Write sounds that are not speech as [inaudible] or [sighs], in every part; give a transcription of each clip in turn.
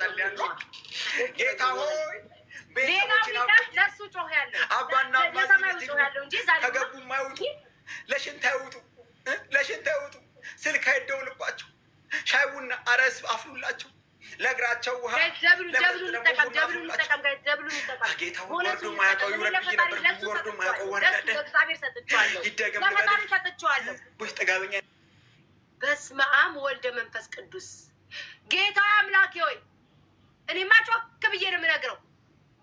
እየጸለያን ነው። ጌታ ሆይ ለሱ ጮህ ያለው ከገቡ ለሽንት ለሽንት ስልክ አይደውልባቸው፣ ሻይ ቡና አረስ አፍሉላቸው፣ ለእግራቸው ውሃ በስመ አብ ወልደ መንፈስ ቅዱስ ጌታ አምላኬ ሆይ እኔማ ጮክ ብዬ ነው የምነግረው።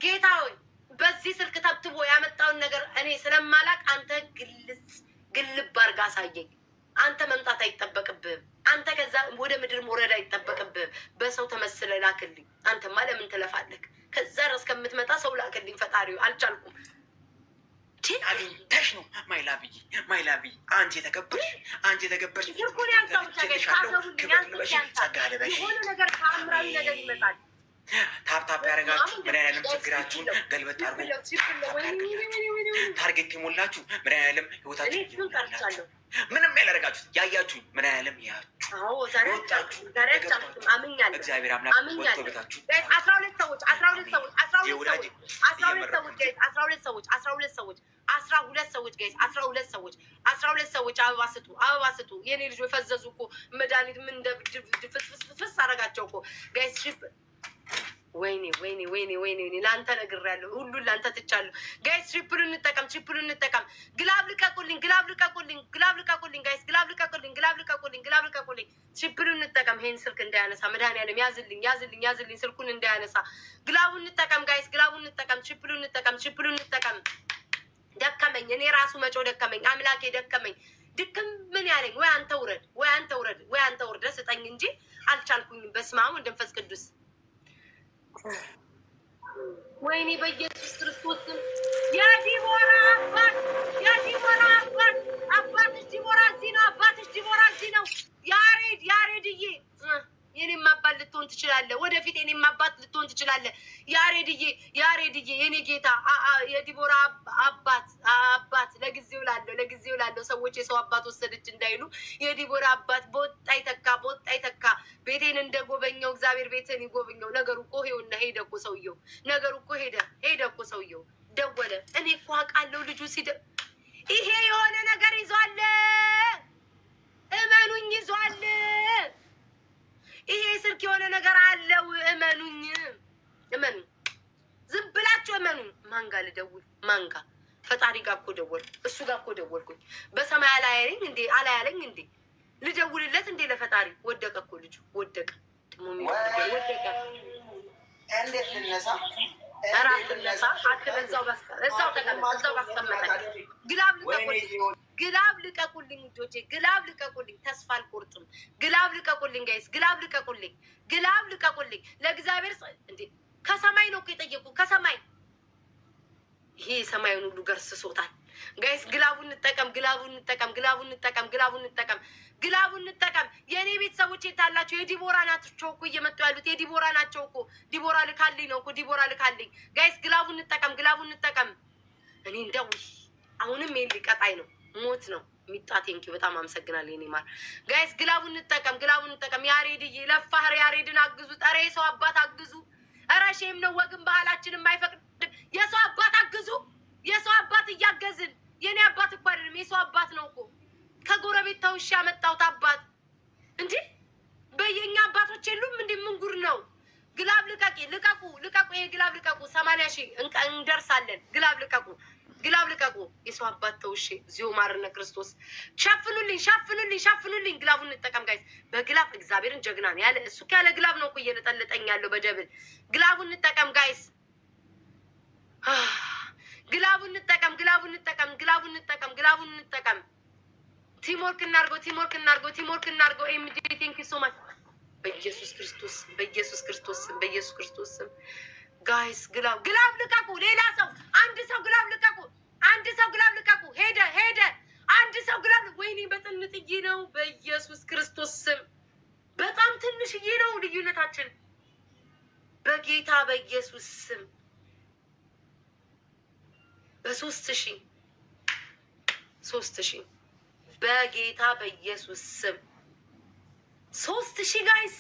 ጌታ ሆይ በዚህ ስልክ ተብትቦ ያመጣውን ነገር እኔ ስለማላቅ አንተ ግልጽ ግልብ አድርጋ አሳየኝ። አንተ መምጣት አይጠበቅብህም። አንተ ከዛ ወደ ምድር መውረድ አይጠበቅብህም። በሰው ተመስለ ላክልኝ። አንተማ ለምን ትለፋለህ? ከዛ ድረስ ከምትመጣ ሰው ላክልኝ። ፈጣሪው አልቻልኩም። አግኝተሽ ነው ማይላብይ ማይላብይ፣ አንቺ የተከበርሽ አንቺ የተከበርሽ ነገር ታምራዊ ነገር ይመጣል ታፕታፕ ያደረጋችሁ መድኃኒዓለም ችግራችሁን ገልበት አድርጎ ታርጌት የሞላችሁ መድኃኒዓለም ህይወታችሁ ምንም ያላደረጋችሁ ያያችሁ ምን ያያችሁ ያችሁ እግዚአብሔር አምላክ ወጥቶ ቤታችሁ አስራ ሁለት ሰዎች አስራ ሁለት ሰዎች አስራ ሁለት ሰዎች አስራ ሁለት ሰዎች አስራ ሁለት ሰዎች አስራ ሁለት ሰዎች ጋይስ አስራ ሁለት ሰዎች አስራ ሁለት ሰዎች አበባ ስጡ፣ አበባ ስጡ። የኔ ልጆች ፈዘዙ እኮ መድኃኒት ምን ድፍስፍስፍስ አረጋቸው እኮ ጋይስ ወይኔ ወይኔ ወይኔ ወይኔ ወይኔ ለአንተ ነግሬያለሁ። ሁሉን ለአንተ ትቻለሁ። ጋይስ ትሪፕሉ እንጠቀም፣ ትሪፕሉ እንጠቀም። ግላብ ልቀቁልኝ፣ ግላብ ልቀቁልኝ፣ ግላብ ልቀቁልኝ፣ ጋይስ ግላብ ልቀቁልኝ፣ ግላብ ልቀቁልኝ፣ ግላብ ልቀቁልኝ። ትሪፕሉ እንጠቀም። ይሄን ስልክ እንዳያነሳ መድኃኒዓለም ያዝልኝ፣ ያዝልኝ፣ ያዝልኝ፣ ስልኩን እንዳያነሳ። ግላቡ እንጠቀም ጋይስ፣ ግላቡ እንጠቀም፣ ትሪፕሉ እንጠቀም፣ ትሪፕሉ እንጠቀም። ደከመኝ፣ እኔ ራሱ መጮ ደከመኝ፣ አምላኬ ደከመኝ። ድክም ምን ያለኝ ወይ አንተ ውረድ፣ ወይ አንተ ውረድ፣ ወይ አንተ ውርደ ስጠኝ እንጂ አልቻልኩኝም። በስመ አብ ወመንፈስ ቅዱስ ወይኔ በኢየሱስ ክርስቶስ ስም የዲቦራ አባት የዲቦራ አባት አባትሽ ዲቦራ እዚህ ነው። አባትሽ ዲቦራ እዚህ ነው። ያሬድ ያሬድዬ የኔም አባት ልትሆን ትችላለህ። ወደፊት የኔም አባት ልትሆን ትችላለህ። ያሬድዬ ያሬድዬ የኔ ጌታ የዲቦራ አባት አባት ለጊዜው ላለሁ ለጊዜው ላለሁ ሰዎች የሰው አባት ወሰደች እንዳይሉ የዲቦራ አባት በወጣ ይተካ በወጣ ይተካ። ቤቴን እንደጎበኘው እግዚአብሔር ቤትን ይጎብኘው። ነገሩ እኮ ሄውና ሄደ እኮ ሰውየው። ነገሩ እኮ ሄደ ሄደ እኮ ሰውየው። ደወለ። እኔ እኮ አውቃለሁ ልጁ ሲደ ይሄ የሆነ ነገር ይዟል። ማንጋ ልደውል? ማንጋ ፈጣሪ ጋር እኮ ደወል፣ እሱ ጋር እኮ ደወልኩኝ። በሰማይ አላያለኝ እንዴ? አላያለኝ እንዴ? ልደውልለት እንዴ ለፈጣሪ? ወደቀ እኮ ልጁ ወደቀ። ግላብ ልቀቁልኝ፣ ግላብ ግላብ ልቀቁልኝ። ተስፋ አልቆርጥም። ግላብ ልቀቁልኝ፣ ጋይስ ግላብ ልቀቁልኝ፣ ግላብ ልቀቁልኝ። ለእግዚአብሔር እንዴ ከሰማይ ነው እኮ የጠየቁ ከሰማይ ይሄ ሰማዩን ሁሉ ገርስሶታል። ጋይስ ግላቡ እንጠቀም፣ ግላቡ እንጠቀም፣ ግላቡ እንጠቀም፣ ግላቡ እንጠቀም፣ ግላቡ እንጠቀም። የእኔ ቤተሰቦች የታላቸው የዲቦራ ናቸው እኮ እየመጡ ያሉት የዲቦራ ናቸው እኮ። ዲቦራ ልካልኝ ነው እኮ ዲቦራ ልካልኝ። ጋይስ ግላቡ እንጠቀም፣ ግላቡ እንጠቀም። እኔ እንደው አሁንም ይሄን ሊቀጣይ ነው ሞት ነው ሚጣ ቴንኪ በጣም አመሰግናል። የኔ ማር ጋይስ ግላቡ እንጠቀም፣ ግላቡ እንጠቀም። ያሬድዬ ለፋህር ያሬድን አግዙ። ጠሬ ሰው አባት አግዙ። ረሼም ነው ወግን ባህላችን የማይፈቅድ የሰው አባት አግዙ። የሰው አባት እያገዝን የኔ አባት እኮ አይደለም የሰው አባት ነው እኮ ከጎረቤት ተውሽ ያመጣሁት አባት እንጂ በየኛ አባቶች የሉም። እንደ ምን ጉድ ነው? ግላብ ልቀቂ፣ ልቀቁ፣ ልቀቁ። ይሄ ግላብ ልቀቁ። ሰማንያ ሺህ እንደርሳለን። ግላብ ልቀቁ፣ ግላብ ልቀቁ። የሰው አባት እዚሁ ማርነ ክርስቶስ ሸፍኑልኝ፣ ሸፍኑልኝ፣ ሸፍኑልኝ። ግላቡን እንጠቀም ጋይስ። በግላብ እግዚአብሔርን ጀግና ያለ እሱ ያለ ግላብ ነው እኮ እየለጠለጠኝ ያለው በደብል። ግላቡን እንጠቀም ጋይስ። [sighs] ግላቡ እንጠቀም፣ ግላቡ እንጠቀም፣ ግላቡ እንጠቀም፣ ግላቡ እንጠቀም። ቲሞርክ እናርገው፣ ቲሞርክ እናርገው፣ ቲሞርክ እናርገው። ኤምዲ ቴንክ ዩ ሶ ማች። በኢየሱስ ክርስቶስ በኢየሱስ ክርስቶስ በኢየሱስ ክርስቶስ ጋይስ፣ ግላብ ግላብ ልቀቁ። ሌላ ሰው አንድ ሰው ግላብ ልቀቁ። አንድ ሰው ግላብ ልቀቁ። ሄደ ሄደ። አንድ ሰው ግላብ ወይኔ፣ በጥንጥዬ ነው። በኢየሱስ ክርስቶስ ስም በጣም ትንሽዬ ነው ልዩነታችን። በጌታ በኢየሱስ ስም በሶስት ሺ ሶስት ሺ በጌታ በኢየሱስ ስም ሶስት ሺ ጋይስ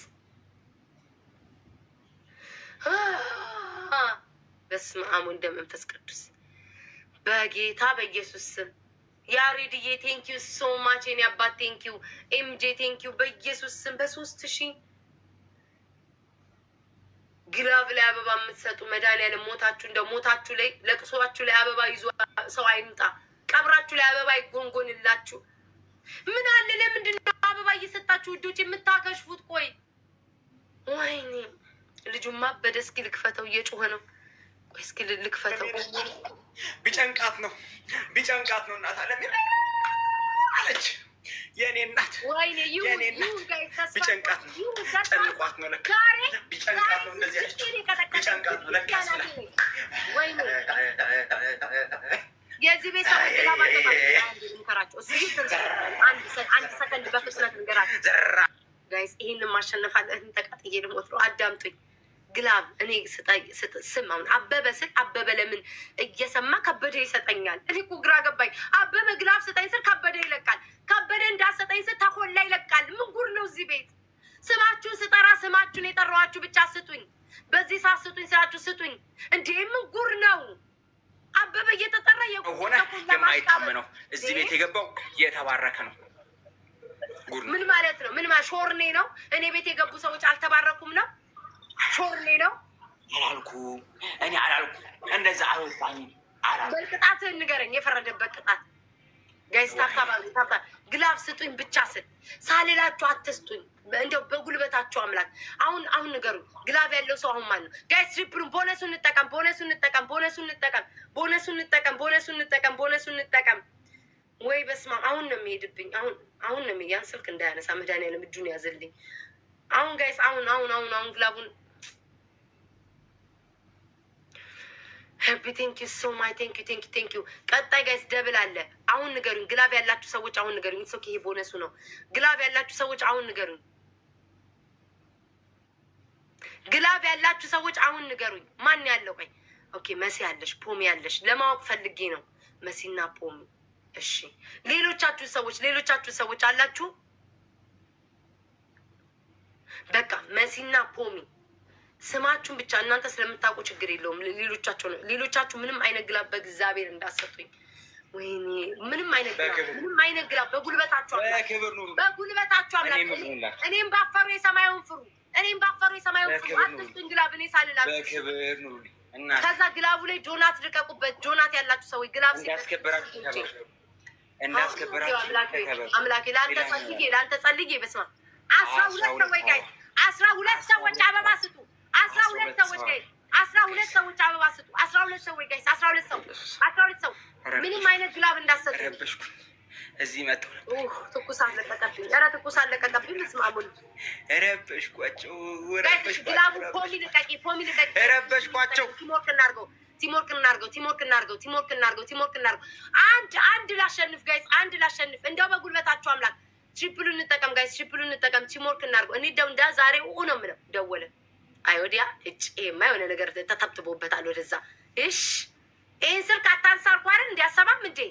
በስመ አብ ወወልድ ወመንፈስ ቅዱስ በጌታ በኢየሱስ ስም ያሬድዬ ቴንኪው ሶ ማች የኔ አባት ቴንኪው ኤምጄ ቴንኪው በኢየሱስ ስም በሶስት ሺ ግላብ ላይ አበባ የምትሰጡ መድኃኒዓለም ሞታችሁ እንደ ሞታችሁ ላይ ለቅሷችሁ ላይ አበባ ይዞ ሰው አይምጣ። ቀብራችሁ ላይ አበባ ይጎንጎንላችሁ። ምን አለ? ለምንድን ነው አበባ እየሰጣችሁ ውዶች የምታከሽፉት? ቆይ ወይኔ ልጁማ በደ እስኪ ልክፈተው፣ እየጮኸ ነው። ቆይ እስኪ ልክፈተው። ቢጨንቃት ነው ቢጨንቃት ነው እናት አለች የእኔ እናት ቢጨንቃት ነው ጨንቋት ነው ለካ ቢጨንቃት ነው እንደዚህ ያለችው ቢጨንቃት ነው ለካ የዚህ ቤት አንድ ሰከንድ በፍጥነት ንገራቸው ጋይስ። ይህንን ተቃጥዬ አዳምጡኝ ግላብ እኔ ስም አበበ ስል አበበ ለምን እየሰማ ከበደ ይሰጠኛል? እኔ እኮ ግራ ገባኝ። አበበ ግላብ ስጠኝ ስል ከበደ ይለቃል፣ ከበደ እንዳሰጠኝ ስል ተኮላ ይለቃል። ምን ጉድ ነው እዚህ ቤት? ስማችሁን ስጠራ ስማችሁን የጠራኋችሁ ብቻ ስጡኝ፣ በዚህ ሰዓት ስጡኝ ስላችሁ ስጡኝ። እንዴ ምን ጉድ ነው? አበበ እየተጠራ የሆነ የማይጣም ነው። እዚህ ቤት የገባው የተባረከ ነው። ምን ማለት ነው? ምን ሾርኔ ነው? እኔ ቤት የገቡ ሰዎች አልተባረኩም ነው ሾርሌ ነው አላልኩም። እኔ አላልኩም። እንደዛ አልወጣኝ አላልኩም። ቅጣትህን ንገረኝ፣ የፈረደበት ቅጣት ጋይስ ታካባታ ግላፍ ስጡኝ ብቻ ስል ሳልላችሁ አትስጡኝ። እንደው በጉልበታችሁ አምላክ አሁን አሁን ንገሩ። ግላፍ ያለው ሰው አሁን ማን ነው? ጋይስ ትሪፕሉን ቦነሱ እንጠቀም፣ ቦነሱ እንጠቀም፣ ቦነሱ እንጠቀም፣ ቦነሱ እንጠቀም፣ ቦነሱ እንጠቀም፣ ቦነሱ እንጠቀም። ወይ በስማ አሁን ነው የሚሄድብኝ። አሁን አሁን ነው ያን ስልክ እንዳያነሳ መድኃኒዓለም እጁን ያዝልኝ። አሁን ጋይስ አሁን አሁን አሁን አሁን ግላቡን ሀፒ ቴንክ ዩ ሶ ማይ ቴንክ ዩ ቴንክ ዩ ቴንክ ዩ። ቀጣይ ጋይስ ደብል አለ። አሁን ንገሩኝ ግላብ ያላችሁ ሰዎች አሁን ንገሩኝ። ኢትስ ይሄ ቦነሱ ነው። ግላብ ያላችሁ ሰዎች አሁን ንገሩኝ። ግላብ ያላችሁ ሰዎች አሁን ንገሩኝ። ማን ያለው? ቆይ ኦኬ መሲ ያለሽ ፖሚ ያለሽ ለማወቅ ፈልጌ ነው። መሲና ፖሚ። እሺ ሌሎቻችሁ ሰዎች ሌሎቻችሁ ሰዎች አላችሁ? በቃ መሲና ፖሚ ስማችሁን ብቻ እናንተ ስለምታውቁ ችግር የለውም። ሌሎቻቸው ነው ሌሎቻችሁ ምንም አይነግላብ በእግዚአብሔር እንዳሰጡኝ ወይኔ ምንም አይነግላብ ምንም አይነግላብ በጉልበታችሁ በጉልበታችሁ አምላክ እኔም ባፈሩ የሰማዩን ፍሩ እኔም ባፈሩ የሰማዩን ፍሩ። አትስጡኝ ግላብ እኔ ሳልላል ከዛ ግላቡ ላይ ጆናት ልቀቁበት። ጆናት ያላችሁ ሰዎች ግላብ አምላኬ ለአንተ ጸልዬ ለአንተ ጸልዬ በስመ አብ አስራ ሁለት ሰዎች ጋይ አስራ ሁለት ሰዎች አበባ ስጡ አስራ ሁለት ሰዎች ጋይስ አስራ ሁለት ሰዎች አበባ ስጡ። አስራ ሁለት ሰዎች ጋይስ አስራ ሁለት ሰው አስራ ሁለት ሰው ምንም አይነት ግላብ እንዳሰጡ እዚህ መጥተው ነበር። ትኩሳት ለቀቀብኝ። ኧረ ትኩሳት ለቀቀብኝ። ስማ ሙሉ ረበሽኳቸው። ፖሚ ልቀቂ፣ ፖሚ ልቀቂ። ረበሽኳቸው። ቲሞርክ እናድርገው፣ ቲሞርክ እናድርገው፣ ቲሞርክ እናድርገው፣ ቲሞርክ እናድርገው፣ ቲሞርክ እናድርገው። አንድ አንድ ላሸንፍ ጋይስ፣ አንድ ላሸንፍ። እንዲያው በጉልበታችሁ አምላክ። ትሪፕሉ እንጠቀም ጋይስ፣ ትሪፕሉ እንጠቀም። ቲሞርክ እናድርገው። እኔ ደው እንዳ ዛሬ ኡ ነው የምለው ደወለ አይወዲያ ወዲያ እጭ ይሄማ የሆነ ነገር ተተብትቦበታል። ወደዛ እሽ ይህን ስልክ አታንሳር ኳርን እንዲያሰማም እንዴ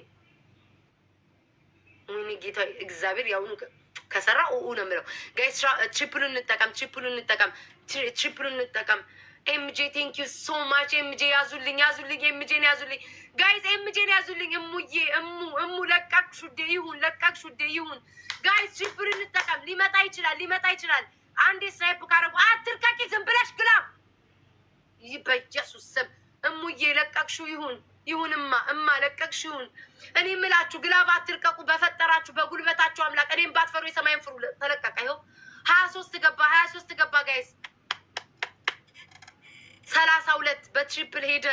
ወይኔ ጌታ እግዚአብሔር ያሁኑ ከሰራ ኡ ነው የምለው። ጋይስ ትሪፕሉን እንጠቀም፣ ትሪፕሉ እንጠቀም፣ ትሪፕሉ እንጠቀም። ኤምጄ ቴንክ ዩ ሶ ማች ኤምጄ። ያዙልኝ፣ ያዙልኝ፣ ኤምጄን ያዙልኝ ጋይስ፣ ኤምጄን ያዙልኝ። እሙዬ እሙ እሙ ለቃቅ ሹዴ ይሁን፣ ለቃቅ ሹዴ ይሁን። ጋይስ ትሪፕሉን እንጠቀም። ሊመጣ ይችላል፣ ሊመጣ ይችላል። አንድ ስናይፕ ካረጉ አትርቀቂ፣ ዝም ብለሽ ግላብ ይህ በኢየሱስ ስም እሙዬ ለቀቅሽው ይሁን ይሁንማ፣ እማ ለቀቅሽ ይሁን። እኔ ምላችሁ ግላብ አትርቀቁ፣ በፈጠራችሁ በጉልበታችሁ አምላክ። እኔም ባትፈሩ የሰማይን ፍሩ። ተለቀቀ። ይኸው ሀያ ሶስት ገባ፣ ሀያ ሶስት ገባ። ጋይስ ሰላሳ ሁለት በትሪፕል ሄደ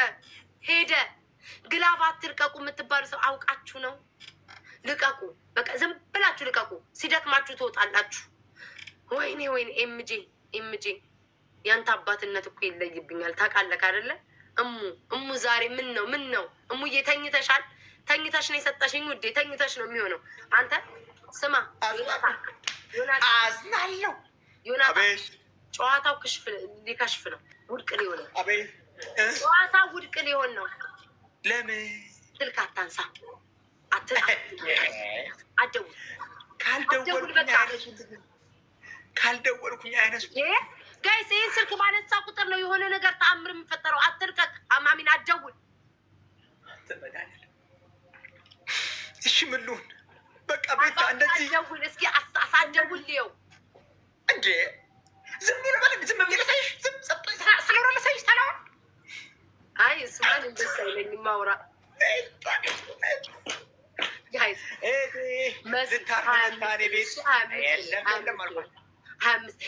ሄደ። ግላብ አትርቀቁ የምትባሉ ሰው አውቃችሁ ነው። ልቀቁ፣ በቃ ዝም ብላችሁ ልቀቁ። ሲደክማችሁ ትወጣላችሁ። ወይኔ ወይኔ ኤምጄ ኤምጄ ያንተ አባትነት እኮ ይለይብኛል። ታውቃለህ አይደለ? እሙ እሙ ዛሬ ምን ነው ምን ነው እሙዬ፣ ተኝተሻል? ተኝተሽ ነው የሰጠሽኝ ውዴ፣ ተኝተሽ ነው የሚሆነው። አንተ ስማ አዝናለሁ። ዮናታ ጨዋታው ክሽፍ ሊከሽፍ ነው፣ ውድቅ ሊሆን ነው። ጨዋታ ውድቅ ሊሆን ነው። ለምን ስልክ አታንሳ፣ አትደውል፣ ካልደውል በቃ ካልደወልኩኝ አይነት ጋይስ፣ ይህን ስልክ ባነሳ ቁጥር ነው የሆነ ነገር ተአምር የምፈጠረው አትልቀቅ አማሚን፣ አትደውል። እሺ ምን በቃ ቤታ እንደዚህ ደውል እስኪ አሳደውል። ይኸው እንዴ ዝም ብሎ ማለት ዝም ብሎ ሳይሽ ዝም ሰጥ ስለሆነ መሳይሽ ተላውን አይ ስማን እንደስ አይለኝ ማውራ ጋይስ ሀያ አምስት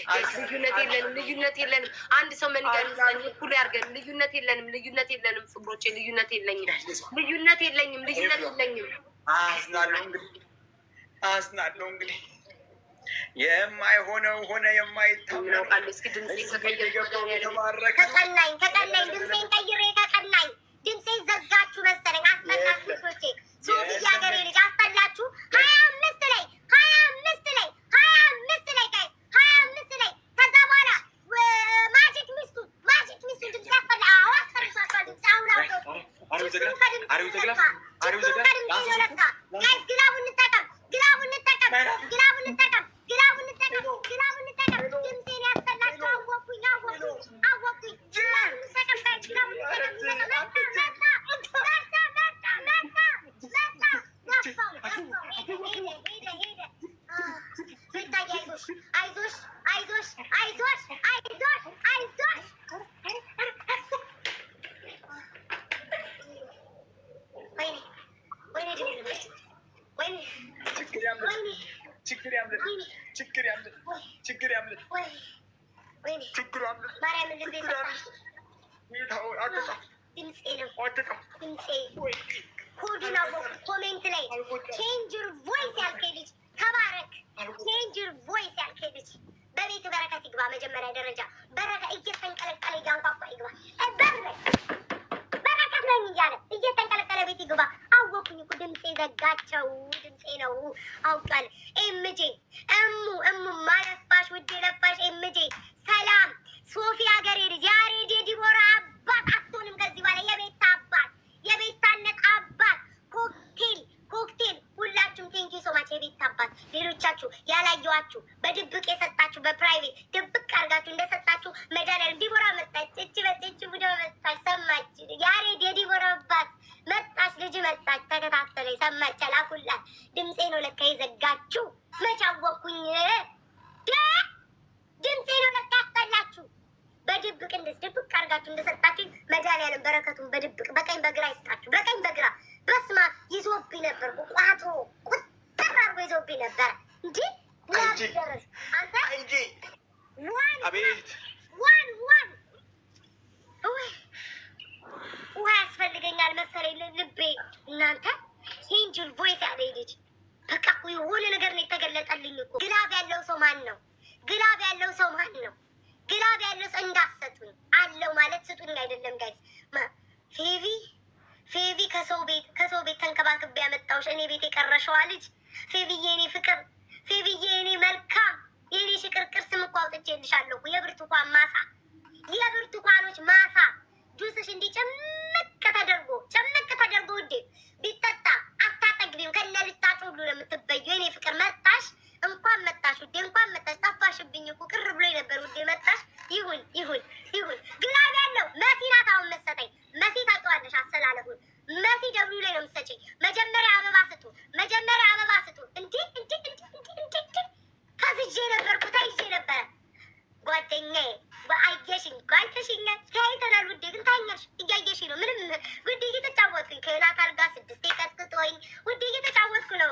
ልዩነት የለንም፣ ልዩነት የለንም። አንድ ሰው መንገድ እኩል ያድርገን። ልዩነት የለንም፣ ልዩነት የለንም። ፍቅሮቼ ልዩነት የለኝም፣ ልዩነት የለኝም፣ ልዩነት የለኝም። አዝናለሁ እንግዲህ የማይሆነው ሆነ የማይታወቅ ከጠላኝ ድምፄን ቀይሬ ከጠላኝ ድምፄን ዘጋችሁ መሰለኝ አስጠላችሁ ሶቼ ሶፊ ያገሬ ችግር ያምልጥ፣ ችግር ኮሜንት ላይ ቼንጅ ዩር ቮይስ ያልከኝ ልጅ ተባረክ። ቼንጅ ዩር ቮይስ ያልከኝ ልጅ በቤት በረከት ይግባ። መጀመሪያ ደረጃ በረከት እየተንቀለቀለ እያንኳኳ ይግባ። በረከት ነኝ እያለ እየተንቀለቀለ ቤት ይግባ። አወኩኝ እኮ ድምፄ ዘጋቸው። ድምፄ ነው አውቃል። ኤምጄ እሙ እሙ ማለፋሽ ውዴ ለፋሽ ኤምጄ ሰላም ሶፊ ሀገሬ ልጅ ያሬድ ዲቦራ አባት አትሆንም ከዚህ በኋላ የቤታ አባት የቤታነት አባት ኮክቴል ኮክቴል ሁላችሁም ቴንኪ ሶማች የቤት አባት ሌሎቻችሁ ያላየዋችሁ በድብቅ የሰጣችሁ በፕራይቬት ድብቅ አድርጋችሁ እንደሰጣችሁ ሰማች አላኩላት። ድምፄ ነው ለካ የዘጋችሁ። መች አወቅኩኝ? ድምፄ ነው ለካ ያስጠላችሁ። በድብቅ እንደዚህ ድብቅ አድርጋችሁ እንደሰጣችሁ መድኃኒዓለም በረከቱን በድብቅ በቀኝ በግራ ይስጣችሁ። በቀኝ በግራ በስማ ይዞብኝ ነበር። ቁቋቶ ቁጥር አድርጎ ይዞብኝ ነበር። እንዲ ደረስ አንተ ዋን ዋን ውሃ ያስፈልገኛል መሰለኝ ልቤ እናንተ ቴንጅል ቮይስ ያለ ልጅ በቃ እኮ የሆነ ነገር ነው የተገለጠልኝ እኮ። ግላብ ያለው ሰው ማን ነው? ግላብ ያለው ሰው ማን ነው? ግላብ ያለው ሰው እንዳሰጡኝ አለው ማለት ስጡኝ አይደለም ጋይስ። ፌቪ ፌቪ ከሰው ቤት ከሰው ቤት ተንከባክብ ያመጣውሽ እኔ ቤት የቀረሸዋ ልጅ ፌቪዬ፣ የኔ ፍቅር ፌቪዬ፣ የኔ መልካም፣ የኔ ሽቅርቅር ስም እኮ አውጥቼልሻለሁ። የብርቱካን ማሳ የብርቱካኖች ማሳ ጁስሽ እንዲህ ጭምቅ ተደርጎ ጭምቅ ተደርጎ ውዴ ቢጠጣ አትግቢም ከነ ልታጭ ሁሉ ለምትበዩ የምትበዩ። የኔ ፍቅር መጣሽ፣ እንኳን መጣሽ ውዴ፣ እንኳን መጣሽ። ጠፋሽብኝ እኮ ቅር ብሎ ነበር ውዴ። መጣሽ ይሁን ይሁን ይሁን። ግን ግራም ያለው መሲ ናት። አሁን መሰጠኝ መሲ ታውቂዋለሽ፣ አሰላለፉን መሲ ደብሉ ላይ ነው የምትሰጪኝ። መጀመሪያ አበባ ስጡ፣ መጀመሪያ አበባ ስጡ። እንዲ እንዲ እንዲ እንዲ እንዴ ከዝጄ ነበርኩ ተይዤ ነበረ ጓደኛዬ በአየሽኝ ጓይተሽኛል ተያይተናል። ውዴ ግን ታኛሽ እያየሽ ነው። ምንም ውዴ እየተጫወትኩኝ ከሌላት አልጋ ስድስት ቀጥቅጦኝ ውዴ እየተጫወትኩ ነው።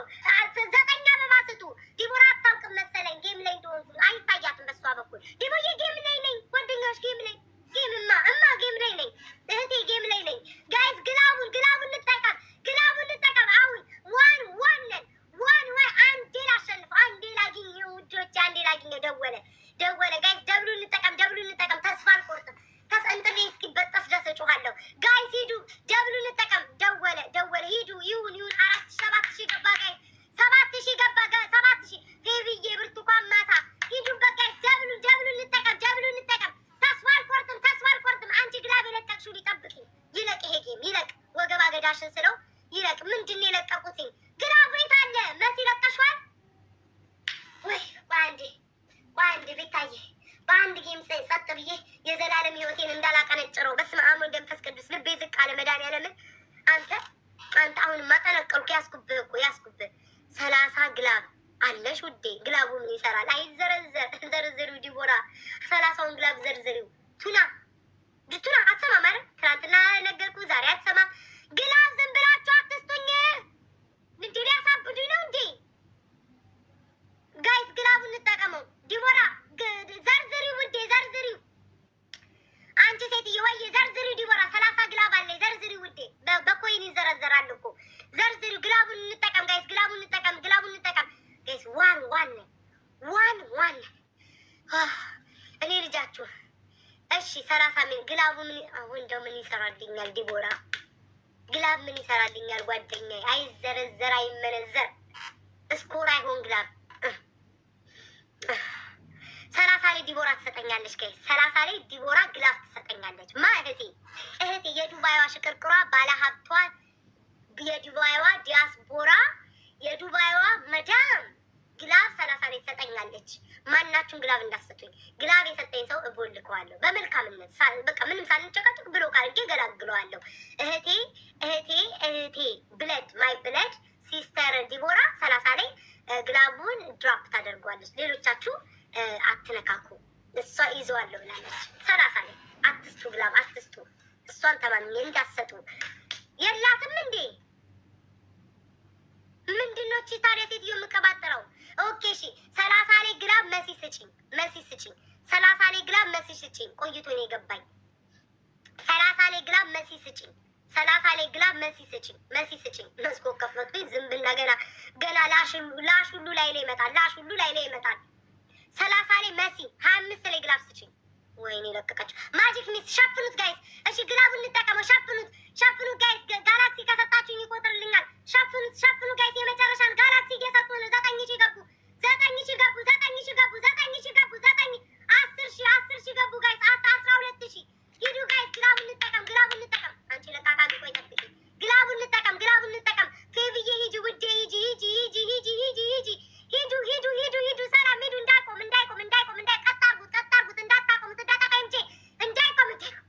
ዘጠኛ በማስጡ ዲቦራ አታውቅም መሰለኝ ጌም ላይ እንደሆንኩ አይታያትም። በሷ በኩል ዲቦዬ ጌም ላይ ነኝ ጓደኛሽ ጌም ላይ ጌምማ እማ ጌም ላይ ግላቡን ይሰራል። አይ ዘረዘር ዘርዝሪው ዲቦራ ሰላሳውን ግላብ ዘርዝሪው። ቱና ቱና አትሰማ ማለት ትናንትና ነገርኩ፣ ዛሬ አትሰማ። ግላብ ዝም ብላችሁ አትስጡኝ እንዴ! ሊያሳብዱኝ ነው እንዴ? ጋይስ ግላቡ እንጠቀመው። ዲቦራ ዘርዝሪው ውዴ ዘርዝሪው አንቺ ሴትዮ ወይ ዘርዝሪው። ዲቦራ ሰላሳ ግላብ አለ ዘርዝሪው ውዴ። በኮይን ይዘረዘራል እኮ ዘርዝሪው። ግላቡን እንጠቀም ጋይስ፣ ግላቡን እንጠቀም፣ ግላቡን እንጠቀም ፕሌስ ዋን ዋን ዋን ዋን እኔ ልጃችሁ። እሺ ሰላሳ ምን ግላቡ ምን አሁን እንደው ምን ይሰራልኛል? ዲቦራ ግላብ ምን ይሰራልኛል? ጓደኛዬ አይዘረዘር አይመነዘር እስኮር አይሆን ግላብ ሰላሳ ላይ ዲቦራ ትሰጠኛለች። ከይ ሰላሳ ላይ ዲቦራ ግላፍ ትሰጠኛለች። ማ እህቴ እህቴ የዱባይዋ ሽቅርቅሯ ባለሀብቷ የዱባይዋ ዲያስፖራ የዱባይዋ መዳም ግላብ ሰላሳ ላይ ትሰጠኛለች። ማናችሁም ግላብ እንዳሰጡኝ ግላብ የሰጠኝ ሰው እቦልከዋለሁ በመልካምነት በቃ ምንም ሳንጨቃጭቅ ብሎ ካርጌ ገላግለዋለሁ። እህቴ እህቴ እህቴ ብለድ ማይ ብለድ ሲስተር ዲቦራ ሰላሳ ላይ ግላቡን ድራፕ ታደርጓለች። ሌሎቻችሁ አትነካኩ እሷ ይዘዋለሁ ብላለች። ሰላሳ ላይ አትስቱ፣ ግላብ አትስቱ። እሷን ተማምኜ እንዳሰጡ የላትም እንዴ ምንድነው ቺታሪያ ሴትዮ የምቀባጥረው? ኦኬ እሺ፣ ሰላሳ ላይ ግራም መሲ ስጭኝ፣ መሲ ስጭኝ፣ ሰላሳ ላይ ግራም መሲ ስጭኝ። ቆይቶ ነው የገባኝ። ሰላሳ ላይ ግራም መሲ ስጭኝ፣ ሰላሳ ላይ ግራም መሲ ስጭኝ፣ መሲ ስጭኝ። መስኮት ከፈትኩኝ። ዝም ብላ ገና ገና ላሽ ሁሉ ላይ ላይ ይመጣል፣ ላሽ ሁሉ ላይ ላይ ይመጣል። ሰላሳ ላይ መሲ፣ ሀያ አምስት ላይ ግራም ስጭኝ። ወይኔ ለቀቀችው። ማጂክ ሚስ ሸፍኑት ጋይስ። እሺ ግራቡን እንጠቀመው፣ ሸፍኑት ሸፍኑ ጋይስ፣ ጋላክሲ ከሰጣችሁኝ ይቆጥርልኛል። ሸፍኑት፣ ሸፍኑ ጋይስ፣ የመጨረሻን ጋላክሲ እየሰጡ ነው። ዘጠኝ ሺ ገቡ፣ ዘጠኝ ሺ ገቡ፣ ዘጠኝ ሺ ገቡ፣ ዘጠኝ ሺ ገቡ፣ ዘጠኝ አስር ሺ አስር ሺ ገቡ ጋይስ፣ አስራ ሁለት ሺ ሂዱ ጋይስ። ግላቡ እንጠቀም፣ ግላቡ እንጠቀም። አንቺ ለታካቢ ቆይ ጠብቂ። ግላቡ እንጠቀም፣ ግላቡ እንጠቀም። ፌብዬ ሂጂ፣ ውዴ ሂጂ፣ ሂጂ፣ ሂጂ፣ ሂጂ፣ ሂጂ፣ ሂጂ፣ ሂዱ፣ ሂዱ፣ ሂዱ፣ ሂዱ። ሰላም ሂዱ። እንዳይቆም፣ እንዳይቆም፣ እንዳይቆም፣ እንዳይ ቀጥ አድርጉት፣ ቀጥ አድርጉት፣ እንዳታቆሙት፣ እንዳታቃይምቼ እንዳይቆም፣ እንዳይቆም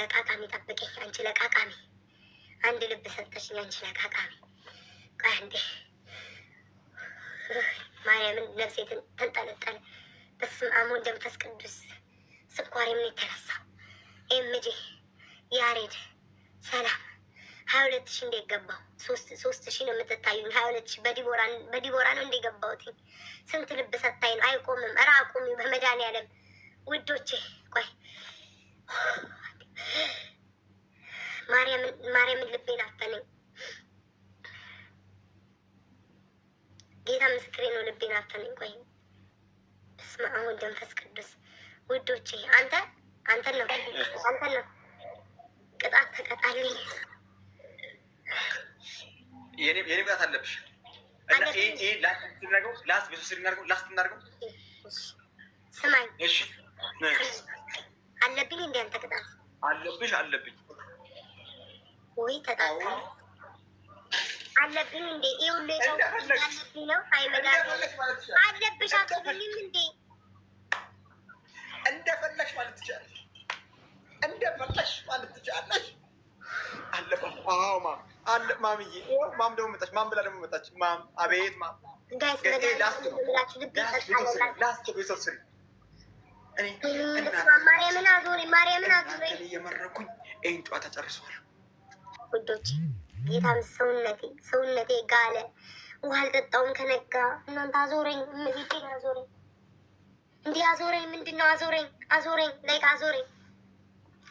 ለቃቃሚ ጠብቀኝ፣ አንቺ ለቃቃሚ አንድ ልብ ሰጠሽኝ፣ አንቺ ለቃቃሚ አንዴ ማርያምን ነፍሴ ተንጠለጠለ። በስመ አብ ወወልድ ወመንፈስ ቅዱስ ስኳር ምን የተነሳ ኤምጂ ያሬድ ሰላም ሀያ ሁለት ሺ እንዴት ገባው? ሶስት ሶስት ሺ ነው የምትታዩኝ። ሀያ ሁለት ሺ በዲቦራ ነው እንዴ ገባውት? ስንት ልብ ሰታይ ነው። አይቆምም። እራ አቁሚ በመድኃኒዓለም ውዶቼ ቆይ ማርያምን ልቤን አፈነኝ። ጌታ ምስክሬ ነው። ልቤን አፈነኝ። ቆይ በስመ አሁን ወወልድ ቅዱስ። ውዶቼ አንተ አንተ ነው አንተ ነው ቅጣት ተቀጣልኝ። የኔ ቅጣት አለብሽ። ላስት እናድርገው። ስማኝ አለብኝ እንደ አንተ ቅጣት አለብሽ አለብኝ ወይ ተጣጣ አለብኝ እንዴ ይሁሌ አለብኝ ነው አይመዳ አለብሽ አትብኝም እንዴ እንደፈለሽ ማለት ትችላለሽ። እንደፈለሽ ማለት ትችላለሽ። አዎ ማም አለ ማም ደግሞ መጣች። ማም ብላ ደግሞ መጣች። ማም አቤት ማም ነው ላስት ነው ስሪ እየመረኩኝ ይህን ጨዋታ ጨርሰዋል። ውዶች ጌታን ሰውነቴ ሰውነቴ ጋለ ውሃ አልጠጣውም ከነጋ። እናንተ አዞረኝ፣ እምቤቴን አዞረኝ፣ እንዲህ አዞረኝ። ምንድን ነው አዞረኝ፣ አዞረኝ፣ ላይክ አዞረኝ፣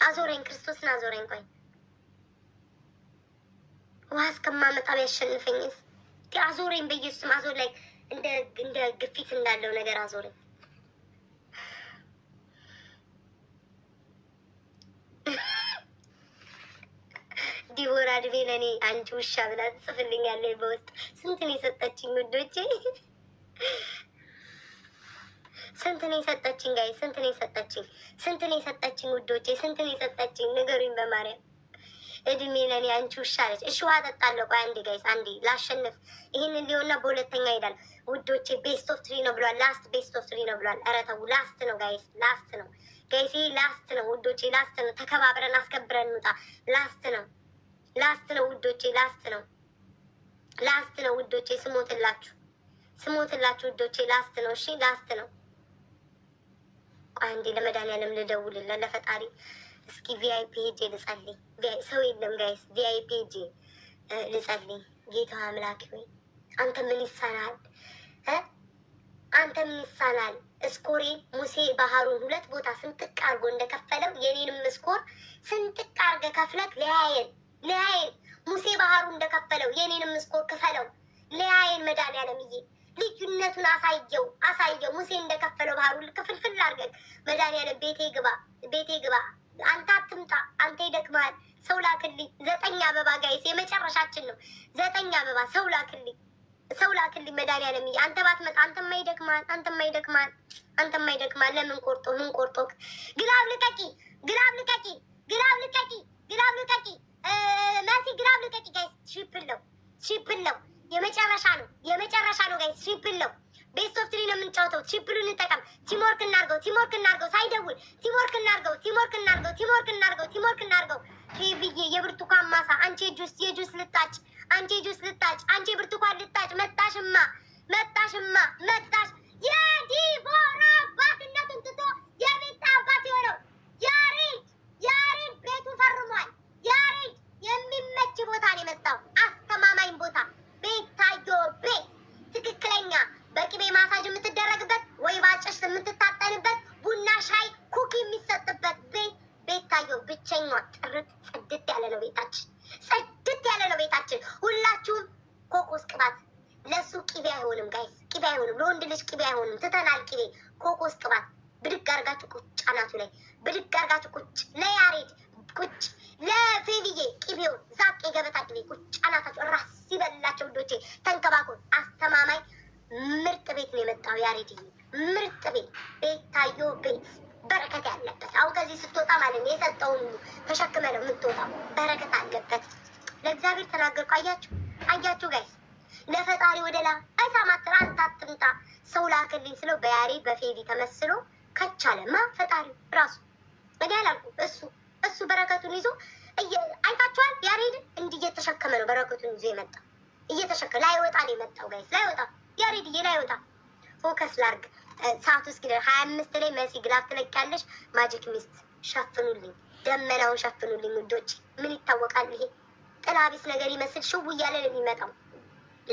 አዞረኝ፣ ክርስቶስን አዞረኝ። ቆይ ውሃ እስከማመጣ ቢያሸንፈኝስ? አዞረኝ፣ በኢየሱስም አዞር፣ ላይክ እንደ ግፊት እንዳለው ነገር አዞረኝ። ዲቦራ ድቤ ለእኔ አንቺ ውሻ ብላ ጽፍልኛለ በውስጥ ስንትን የሰጠችኝ ውዶቼ፣ ስንትን የሰጠችኝ ጋይ፣ ስንትን የሰጠችኝ፣ ስንትን የሰጠችኝ ውዶቼ፣ ስንትን የሰጠችኝ ንገሩኝ በማርያም እድሜ ለእኔ አንቺ ውሻ አለች። እሺ ውሃ ጠጣለሁ። ቆይ አንዴ ጋይስ፣ አንዴ ላሸንፍ። ይህን ሊሆንና በሁለተኛ ይሄዳል ውዶቼ። ቤስት ኦፍ ትሪ ነው ብሏል። ላስት ቤስት ኦፍ ትሪ ነው ብሏል። ኧረ ተው፣ ላስት ነው ጋይስ፣ ላስት ነው ጋይስ፣ ላስት ነው ውዶቼ፣ ላስት ነው። ተከባብረን አስከብረን እንውጣ። ላስት ነው። ላስት ነው ውዶቼ፣ ላስት ነው ላስት ነው ውዶቼ፣ ስሞትላችሁ ስሞትላችሁ ውዶቼ፣ ላስት ነው። እሺ ላስት ነው። ቆይ እንዴ ለመድኃኒዓለም ልደውልለት ለፈጣሪ። እስኪ ቪአይፒ ሄጄ ልጸልይ። ሰው የለም ጋይስ፣ ቪአይፒ ሄጄ ልጸልይ። ጌታ አምላክ ወይ አንተ ምን ይሳናል? አንተ ምን ይሳናል? እስኮሬ ሙሴ ባህሩን ሁለት ቦታ ስንጥቅ አርጎ እንደከፈለው የኔንም እስኮር ስንጥቅ አርገ ከፍለት ለያየን ለያየን ሙሴ ባህሩ እንደከፈለው የኔንም ምስኮር ክፈለው ለያየን መድኃኒዓለምዬ ልዩነቱን አሳየው አሳየው ሙሴ እንደከፈለው ባህሩ ክፍልፍል አድርገን መድኃኒዓለም ቤቴ ግባ ቤቴ ግባ አንተ አትምጣ አንተ ይደክመሃል ሰው ላክልኝ ዘጠኝ አበባ ጋይስ የመጨረሻችን ነው ዘጠኝ አበባ ሰው ላክልኝ ሰው ላክልኝ መድኃኒዓለም አንተ ባትመጣ አንተማ ይደክማል አንተማ ይደክማል አንተማ ይደክማል ለምን ቆርጦ ምን ቆርጦ ግላብ ልቀቂ ግላብ ልቀቂ ግላብ ልቀቂ ግላብ ልቀቂ መሲ ግራም ልቀቂ ጋይስ። ትሪፕል ነው ትሪፕል ነው የመጨረሻ ነው የመጨረሻ ነው ጋይስ ትሪፕል ነው። ቤስት ኦፍ ትሪ ነው የምንጫወተው። ትሪፕሉ እንጠቀም። ቲምወርክ እናርገው ቲምወርክ እናርገው ሳይደውል ቲምወርክ እናርገው ቲምወርክ እናርገው ቲምወርክ እናርገው ቲምወርክ እናርገው። ፌብዬ የብርቱካን ማሳ አንቺ ጁስ የጁስ ልጣጭ አንቺ ጁስ ልጣጭ አንቺ ብርቱካን ልጣጭ መጣሽማ መጣሽማ መጣሽ የዲቦራ አባትነቱን ትቶ የቤት አባት የሆነው ያሬድ ያሬድ ቤቱ ፈርሞ የሚመች ቦታ ነው የመጣው። አስተማማኝ ቦታ ቤታዮ ቤት ትክክለኛ በቅቤ ማሳጅ የምትደረግበት ወይ ባጭስ የምትታጠንበት ቡና ሻይ ኩክ የሚሰጥበት ቤት ቤታዮ ብቸኛ ጥርት ጽድት ያለ ነው ቤታችን፣ ጽድት ያለ ነው ቤታችን። ሁላችሁም ኮኮስ ቅባት ለሱ ቅቤ አይሆንም፣ ጋይስ ቅቤ አይሆንም፣ ለወንድ ልጅ ቅቤ አይሆንም። ትተናል ቅቤ ኮኮስ ቅባት ብድግ አርጋችሁ ቁጭ አናቱ ላይ ብድግ አርጋችሁ ቁጭ ለያሬድ ቁጭ ለፌብዬ ቅቤውን ዛቅ የገበታ ቅቤ ቁጭ አናታቸው ራስ ሲበላቸው ዶቼ ተንከባኮን አስተማማኝ ምርጥ ቤት ነው የመጣው። ያሬድዬ ምርጥ ቤት ቤት ታዮ ቤት በረከት ያለበት አሁን ከዚህ ስትወጣ ማለት ነው የሰጠውን ተሸክመ ነው የምትወጣው። በረከት አለበት። ለእግዚአብሔር ተናገርኩ። አያችሁ አያችሁ ጋይስ ለፈጣሪ ወደ ላ አይሳማትራ አታትምጣ ሰው ላክልኝ ስለው በያሬድ በፌቢ ተመስሎ ከቻለማ ፈጣሪ ራሱ እኔ አላልኩም እሱ እሱ በረከቱን ይዞ አይታችኋል። ያሬድ እንዲህ እየተሸከመ ነው በረከቱን ይዞ የመጣ እየተሸከመ ላይወጣ ነው የመጣው። ጋይስ ላይወጣ ያሬድዬ ላይወጣ። ፎከስ ላርግ ሰዓቱ እስኪ ሀያ አምስት ላይ መሲ ግላፍ ትለቅያለሽ። ማጂክ ሚስት ሸፍኑልኝ፣ ደመናውን ሸፍኑልኝ ውዶች። ምን ይታወቃል ይሄ ጥላቢስ ነገር ይመስል ሽው እያለ ነው የሚመጣው።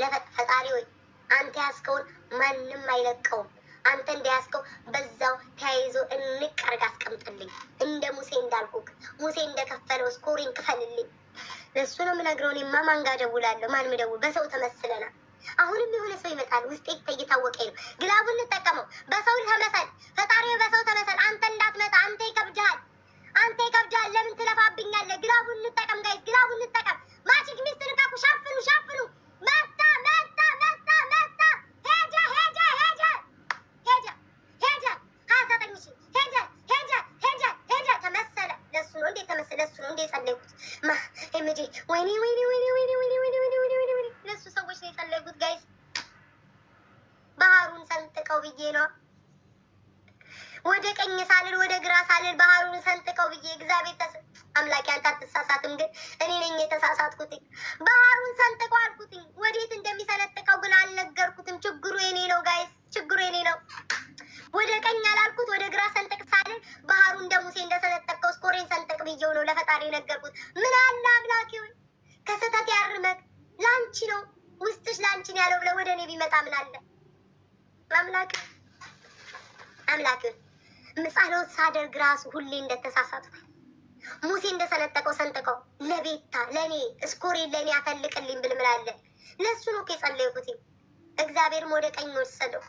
ለፈጣሪ ወይ አንተ ያስከውን ማንም አይለቀውም። አንተ እንደያዝከው በዛው ተያይዞ እንቅ አርግ አስቀምጥልኝ። እንደ ሙሴ እንዳልኩክ ሙሴ እንደከፈለው ስኮሪን ክፈልልኝ። እሱ ነው የምነግረው። እኔማ ማን ጋር እደውላለሁ? ማን የምደውል? በሰው ተመስለናል። አሁንም የሆነ ሰው ይመጣል። ውስጤ እየታወቀ ነው። ግላቡን እንጠቀመው። በሰው ተመሰል ፈጣሪ፣ በሰው ተመሰል። አንተ እንዳትመጣ አንተ ይከብድሃል፣ አንተ ይከብድሃል። ለምን ትለፋብኛለህ? ግላቡን እንጠቀም ጋይ ግላቡን እንጠቀም። ማቺክ ሚስት ልቀቁ። ሻፍኑ፣ ሻፍኑ። መታ መጣ እንዴ ተመሰለ እሱ ነው እንዴ የጸለይኩት ማ ሄምጄ ወይኔ ወይኔ ወይኔ ወይኔ ወይኔ ወይኔ ወይኔ ወይኔ ወይኔ ወይኔ ለሱ ሰዎች ነው የጸለይኩት። ጋይስ ባህሩን ሰንጥቀው ብዬ ነው ወደ ቀኝ ሳልል ወደ ግራ ሳልል ባህሩን ሰንጥቀው ብዬ እግዚአብሔር ተስ አምላኬ አንተ አትሳሳትም፣ ግን እኔ ነኝ የተሳሳትኩት። ባህሩን ሰንጥቀው አልኩትኝ። ወዴት እንደሚሰነጥቀው ግን አልነገርኩትም። ችግሩ የኔ ነው ጋይስ፣ ችግሩ የኔ ነው። ወደ ቀኝ አላልኩት፣ ወደ ግራ ሰንጠቅ ሳልን ባህሩ እንደ ሙሴ እንደሰነጠቀው እስኮሬን ሰንጠቅ ብዬው ነው ለፈጣሪ የነገርኩት። ምን አለ አምላክ ሆይ ከስተት ያርመት ላንቺ ነው ውስጥሽ ላንቺን ያለው ብለ ወደ እኔ ቢመጣ ምን አለ አምላክ አምላክ ምጻኖት ሳደርግ ራሱ ሁሌ እንደተሳሳቱ ሙሴ እንደሰነጠቀው ሰንጥቀው ለቤታ ለእኔ እስኮሬ ለእኔ አፈልቅልኝ ብል ምላለን አለ ለእሱ ነው የጸለይኩት። እግዚአብሔርም ወደ ቀኝ ወሰደው።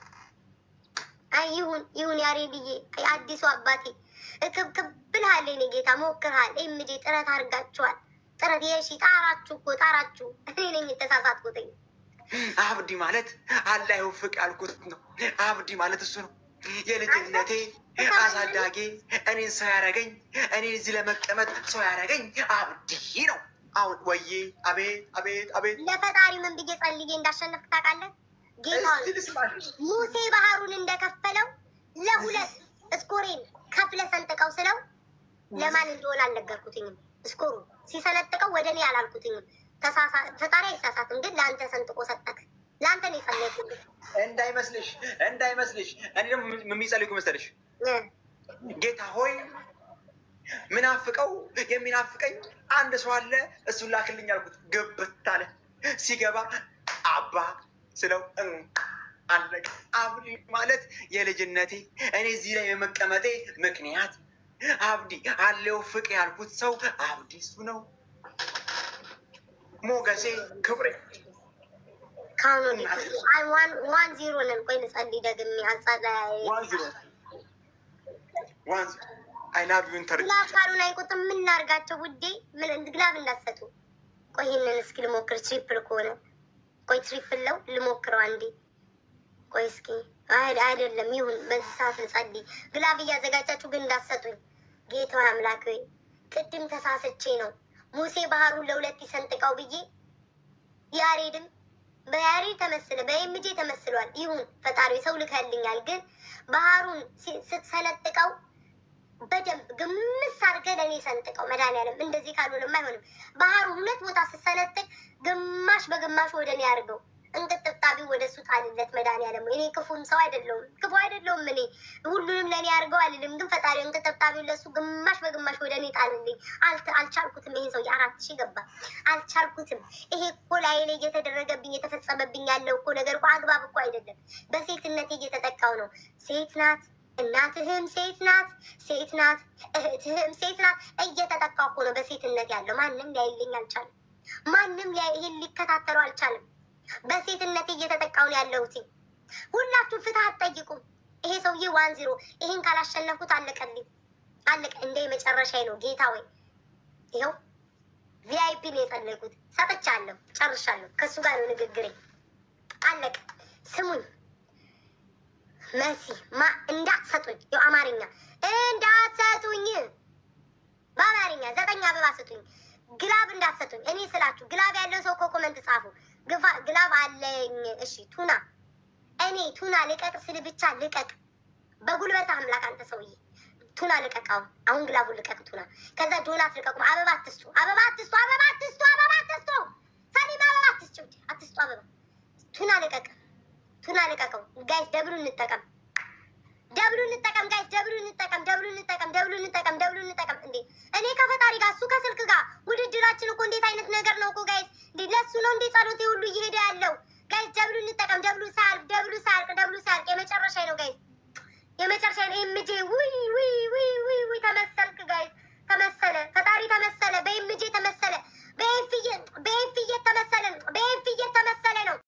ይሁን ይሁን፣ ያሬድዬ አዲሱ አባቴ እክብክብ ብልሃል። እኔ ጌታ ሞክርሃል፣ ኤምጄ ጥረት አድርጋችኋል። ጥረት የሺ ጣራችሁ እኮ ጣራችሁ። እኔ ነኝ የተሳሳትኩትኝ። አብዲ ማለት አላህ ይወፍቅ ያልኩት ነው። አብዲ ማለት እሱ ነው። የልጅነቴ አሳዳጌ እኔን ሰው ያረገኝ እኔን እዚህ ለመቀመጥ ሰው ያረገኝ አብዲ ነው። አሁን ወዬ አቤት አቤት አቤት። ለፈጣሪ ምን ብዬ ጸልዬ እንዳሸነፍክ ታውቃለህ? ሙሴ ባህሩን እንደከፈለው ለሁለት እስኮሬን ከፍለ ሰንጥቀው ስለው ለማን እንደሆነ አልነገርኩትኝም። እስኮሩ ሲሰነጥቀው ወደ እኔ አላልኩትኝም። ፈጣሪ አይሳሳትም፣ ግን ለአንተ ሰንጥቆ ሰጠክ። ለአንተ ነው የፈለግኩት። እንዳይመስልሽ እንዳይመስልሽ። እኔ ደግሞ የሚጸልኩ መሰለሽ ጌታ ሆይ ምናፍቀው የሚናፍቀኝ አንድ ሰው አለ፣ እሱን ላክልኝ አልኩት። ግብት አለ። ሲገባ አባ ስለው አለቀ። አብዲ ማለት የልጅነቴ እኔ እዚህ ላይ የመቀመጤ ምክንያት አብዲ አለው ፍቅ ያልኩት ሰው አብዲ እሱ ነው። ሞገሴ ክብሬ ዋን ዜሮ ነን። ቆይ ንጸልይ ደግሜ ዩ ኢንተር ግላብ ካሉን አይቆጥም። ምን የምናርጋቸው ውዴ ግላብ እንዳትሰጡ። ቆይ ይህንን እስኪ ልሞክር ትሪፕል ከሆነ ቆይ ትሪፕለው ልሞክረው አንዴ። ቆይ እስኪ አይደለም ይሁን። በዚህ ሰዓት ልጸልይ። ግላብ እያዘጋጃችሁ ግን እንዳትሰጡኝ። ጌታ አምላክ ወይ ቅድም ተሳስቼ ነው ሙሴ ባህሩን ለሁለት ይሰንጥቀው ብዬ ያሬድም በያሬድ ተመስለ በኤምጄ ተመስሏል። ይሁን ፈጣሪ ሰው ልከልኛል። ግን ባህሩን ስትሰነጥቀው በደንብ ግምስ አድርገህ ለእኔ ሰንጥቀው። መድኃኒዓለም እንደዚህ ካልሆነም አይሆንም። ባህሩ ሁለት ቦታ ስሰነጥቅ ግማሽ በግማሽ ወደ እኔ አድርገው፣ እንቅጥብጣቢው ወደ እሱ ጣልለት። መድኃኒዓለም እኔ ክፉም ሰው አይደለሁም፣ ክፉ አይደለሁም። እኔ ሁሉንም ለእኔ አድርገው አልልም፣ ግን ፈጣሪ እንቅጥብጣቢው ለእሱ ግማሽ በግማሽ ወደ እኔ ጣልልኝ። አልቻልኩትም። ይሄ ሰው የአራት ሺህ ገባ፣ አልቻልኩትም። ይሄ እኮ ላይ ላይ እየተደረገብኝ የተፈጸመብኝ ያለው እኮ ነገር እኮ አግባብ እኮ አይደለም። በሴትነቴ እየተጠቃው ነው። ሴት ናት እናትህም ሴት ናት፣ ሴት ናት፣ እህትህም ሴት ናት። እየተጠቃሁ እኮ ነው በሴትነት ያለው ማንም ሊያይልኝ አልቻለም። ማንም ይህን ሊከታተሉ አልቻለም። በሴትነት እየተጠቃው ነው ያለሁት። ሁላችሁ ፍትህ አትጠይቁም። ይሄ ሰውዬ ዋን ዚሮ፣ ይህን ካላሸነፉት አለቀልኝ፣ አለቀ። እንደ መጨረሻ ነው ጌታ ወይ ይኸው ቪአይፒ ነው የፈለጉት። ሰጥቻለሁ፣ ጨርሻለሁ። ከእሱ ጋር ነው ንግግሬ፣ አለቀ። ስሙኝ መሲ ማ እንዳትሰጡኝ፣ ያው አማርኛ እንዳትሰጡኝ፣ በአማርኛ ዘጠኝ አበባ ሰጡኝ፣ ግላብ እንዳትሰጡኝ። እኔ ስላችሁ ግላብ ያለው ሰው ኮኮመንት ጻፉ። ግላብ አለኝ። እሺ ቱና፣ እኔ ቱና ልቀቅ ስል ብቻ ልቀቅ። በጉልበት አምላክ አንተ ሰውዬ ቱና ልቀቅ። አሁን ግላቡ ልቀቅ ቱና። ከዛ ዶናት ልቀቁ። አበባ አትስጡ፣ አበባ አትስጡ፣ አበባ አትስጡ፣ አበባ አትስጡ። ሰሊማ አበባ አትስጡ፣ አትስጡ አበባ ቱና ልቀቅ። ቱና ልቀቀው ጋይስ፣ ደብሉ እንጠቀም፣ ደብሉ እንጠቀም ጋይስ፣ ደብሉ እንጠቀም፣ ደብሉ እንጠቀም፣ ደብሉ እንጠቀም፣ ደብሉ እንጠቀም። እንዴ እኔ ከፈጣሪ ጋር እሱ ከስልክ ጋር ውድድራችን እኮ እንዴት አይነት ነገር ነው እኮ ጋይስ። እንዴ ለሱ ነው እንዴ ጸሎቴ ሁሉ እየሄደ ያለው ጋይስ። ደብሉ እንጠቀም፣ ደብሉ ሳያልቅ፣ ደብሉ ሳያልቅ፣ ደብሉ ሳያልቅ፣ የመጨረሻ ነው ጋይስ፣ የመጨረሻ ነው። ኤምጄ ውይ ውይ ውይ ውይ ውይ ተመሰልክ ጋይስ፣ ተመሰለ ፈጣሪ ተመሰለ፣ በኤምጄ ተመሰለ፣ በኤፍዬ ተመሰለ፣ በኤፍዬ ተመሰለ ነው